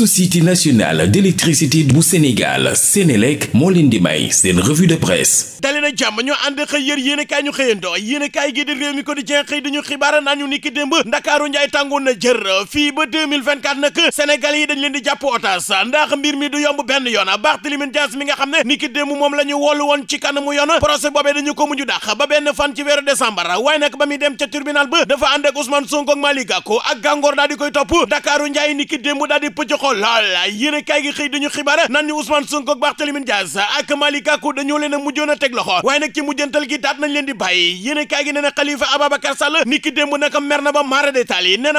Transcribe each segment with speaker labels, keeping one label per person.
Speaker 1: société nationale d'électricité bu Sénégal Sénélec moo leen di may seen revue de presse dali jàmm ñoo ànd xëy yër yéen ñu xëyandoo yéen gi di réew mi quotidien xëy dañu xibaara naan ñu ni ki démb ndakaaru njaay tàngoon na jër fii ba 2024 nag yi dañ leen di jàpp otas ndax mbir mi du yomb benn yoon Barthélémy Dias mi nga xam ne ni démb moom la ñu woon ci kanamu yoon procès boobee dañu ko mujju dàq ba benn fan ci weeru décembre waaye nag loola yéene kaay gi xëy dañu xibaar nan ñu Ousmane Sonko ak Barthélémy ak Malick Gakou dañoo leen a mujjoon a teg loxo waaye nag ci mujjantal gi daat nañ leen di bàyyi yéene kaay gi nee na Khalifa Ababacar ni ki démb naka mer na ba maara détaal yi nee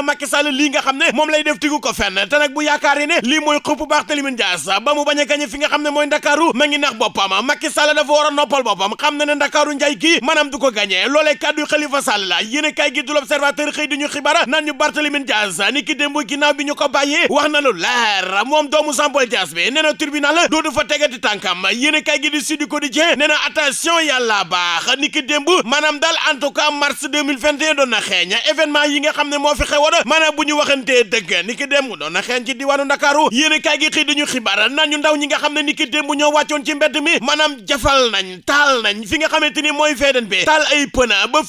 Speaker 1: xam ne moom lay def tigu ko fenn te bu yaakaaree lii mooy xupp Barthélémy Dias ba mu bañ a gañe fi nga xam ne mooy Ndakaaru ma ngi nax boppam Macky Sall dafa war a noppal boppam xam na ne leer moom doomu Jean-Paul Dias bi nee na tribunal dootu fa tegati tànkam yéen kay gi di Sud Quotidien nee yàlla baax ni ki démb maanaam daal en tout cas mars doon na xeeñ événement yi nga xam ne moo fi xewoon maanaam bu ñu waxantee dëgg ni ki doon na xeeñ ci diwaanu Ndakaaru yéen kay gi ñu xibaar naan ndaw ñi nga xam ne ni ki ñoo wàccoon ci mbedd mi maanaam jafal nañ taal nañ fi nga xamante ni mooy feeden bi taal ay pëna ba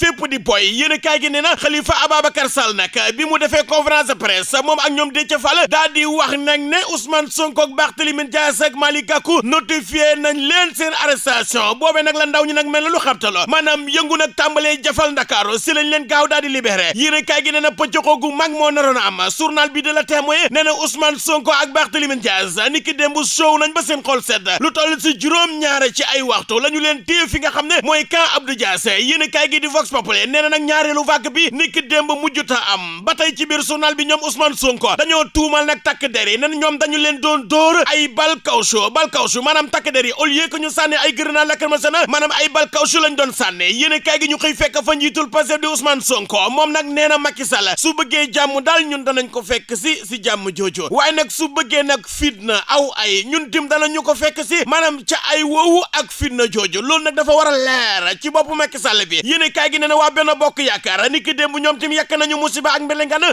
Speaker 1: wax nag ne Ousmane Sonko ak Barthélémy Dias ak Malick Gakou notifié nañ leen seen arrestation boobe nag la ndaw ñi nag mel na lu xabtalo maanaam yëngu nag tàmbalee jafal Ndakaaru si lañ leen gaaw daal di libéré yéene kaay gi nee na pëccëxoo gu mag moo naroon a am journal bi de la témoin nee na Ousmane Sonko ak Barthélémy Dias ni ki démb soow nañ ba seen xol sedd lu toll si juróom-ñaare ci ay waxtu la ñu leen téye fi nga xam ne mooy camp Abdou Dias yéene kaay gi di Vox Populi nee na nag ñaareelu vague bi ni ki démb mujjuta am ba tey ci biir journal bi ñoom Ousmane Sonko dañoo tuumal nag takk der yi nan ñoom dañu leen doon dóor ay bal kawsu bal kawsu maanaam takk der yi au lieu que ñu sànni ay ma lacrymogène maanaam ay bal kawsu lañ doon sànni yéen kaay gi ñu xëy fekk fa njiitul Pastef di Ousmane Sonko moom nag nee na Macky Sall jàmm daal ñun danañ ko fekk si jàmm jooju waaye nag su bëggee nag aw ay ñun dim danañu ko fekk si ca ay woowu ak fitna jooju loolu nag dafa war a leer ci bopp Macky Sall bi yéen na waa benn bokk yaakaar ni ki démb ñoom tim yàkk nañu musiba ak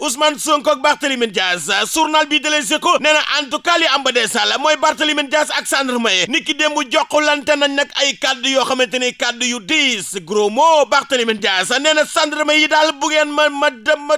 Speaker 1: ko nee na en tout cas li am ba dee sàll mooy Barthélémy Dias ak gendarme yi niki démb jokkalante nañ nag ay kàddu yoo xamante ni kadd yu diis gros mot Barthélémy Dias nee na gendarme yi daal bu ngeen ma ma ma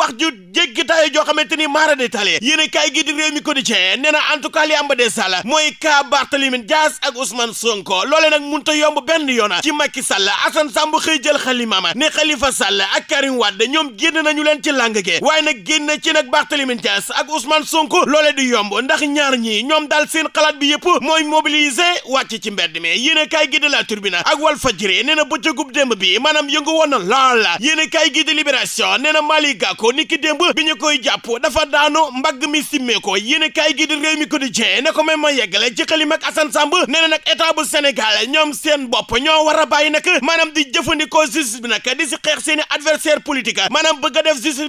Speaker 1: wax ju jéggi taay joo xamante ni maara de tale yéen a kaay gi di réew mi quotidien nee na en tout cas li am ba dee sàll mooy cas Barthélémy Dias ak Ousmane Sonko loole nag mënut yomb benn yoon ci Macky Sall Assane Samb xëy jël xalimaama ne Khalifa Sall ak Karim Wade ñoom génn nañu leen ci làng waaye nag génn ci nag Barthélémy Dias ak Ousmane Sonko loole di yomb ndax ñaar ñi ñoom daal seen xalaat bi yëpp mooy mobiliser wàcc ci mbedd mi yéen a kaay gi de la Tribune ak Walf Fadjri nee na bëccëgub démb bi maanaam yëngu woon na lool yéen a kaay gi de Libération nee na Mali Gakou ni bi ñu koy jàpp dafa daanu mbagg mi simmee ko yéen a kaay gi de réew mi ko di jee ne ko même ma yeggale ci xalim ak Assane Samb nee na nag état bu Sénégal ñoom seen bopp ñoo war a bàyyi nag maanaam di jëfandikoo justice bi nag di si xeex seen i adversaire a def justice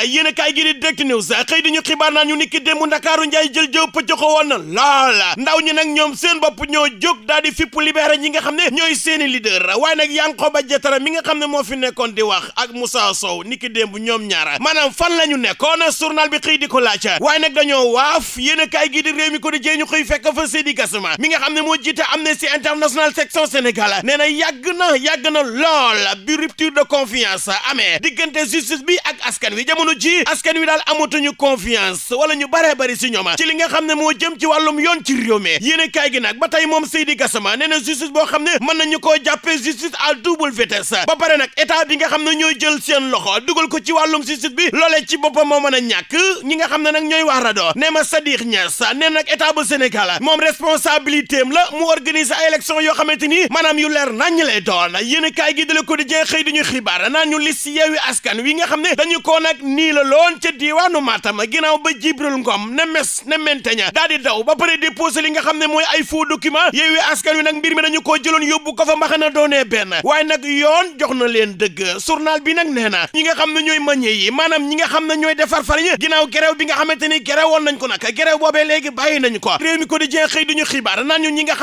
Speaker 1: a a kaay gi di sa News xëy di ñu xibaar naan ñu ni ki démb Ndakaaru Njaay jël jëw pëccoxo woon na loola ndaw ñi nag ñoom seen bopp ñoo jóg daal di fipp libéré ñi nga xam ne ñooy seeni leader waaye nag Yankhoba Diattara mi nga xam ne moo fi nekkoon di wax ak Moussa Sow ni ki démb ñoom ñaara maanaam fan la ñu nekkoon journal bi xëy di ko laaj waaye nag dañoo waaf yéen a kaay gi mi ko di jee ñu xëy fekk fa Seydi Gassama mi nga xam ne moo jiite Amnesty International section Sénégal nee na yàgg na yàgg na lool bi rupture de confiance amee diggante justice bi ak askan wi askan wi daal amatuñu confiance wala ñu baree bari si ñooma ci li nga xam ne moo jëm ci wàllum yoon ci réew mi yéen kaay gi nag ba tey moom Seydi Gassama nee na justice boo xam ne mën nañu koo jàppee justice à double vitesse ba pare nag état bi nga xam ne ñooy jël seen loxo dugal ko ci wàllum justice bi loolee ci boppam moo mën a ñàkk ñi nga xam ne nag ñooy wax rado nee ma Sadikh Niass nee nag état bu Sénégal moom responsabilité am la mu organiser ay élection yoo xamante ni maanaam yu leer nañ lay doon yéen kaay gi dale ko xëy di xibaar naan ñu liste yeewi askan wi nga xam ne dañu koo nag nii la lool xewoon ca diiwaanu Matam ginnaaw ba Jibril Ngom ne mes ne menteña daal di daw ba pare déposé li nga xam ne mooy ay faux document yeewi askan wi nag mbir mi dañu koo jëloon ñi nga xam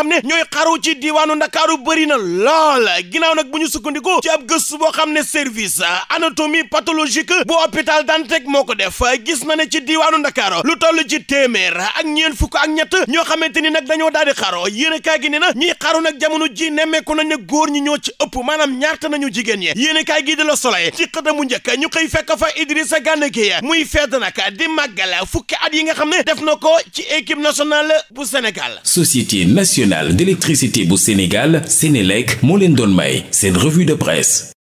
Speaker 1: ne ñooy xaru ci diiwaanu Ndakaaru bëri lool ginnaaw nag bu ñu sukkandiku ci ab gëstu boo xam ne service anatomie pathologique bu hôpital Dantec moo ko def gis na ne ci diiwaanu Ndakaaru lu toll ci téeméer ak ñeen fukk ak ñett ñoo xamante ni nag dañoo daal di xaro yéene kaay gi ne na ñiy xaru nag jamono ji nemmeeku nañ ne góor ñi ñoo ci ëpp maanaam ñaarta nañu jigéen ñi yéene kaay gi di la Soleil ci xëtamu njëkk ñu koy fekk fa Idrissa Gana Gueye muy fedd nag di màggale fukki at yi nga xam ne def na ko ci équipe nationale bu Sénégal Société nationale d'électricité bu Sénégal Sénélec moo leen doon may seen revue de presse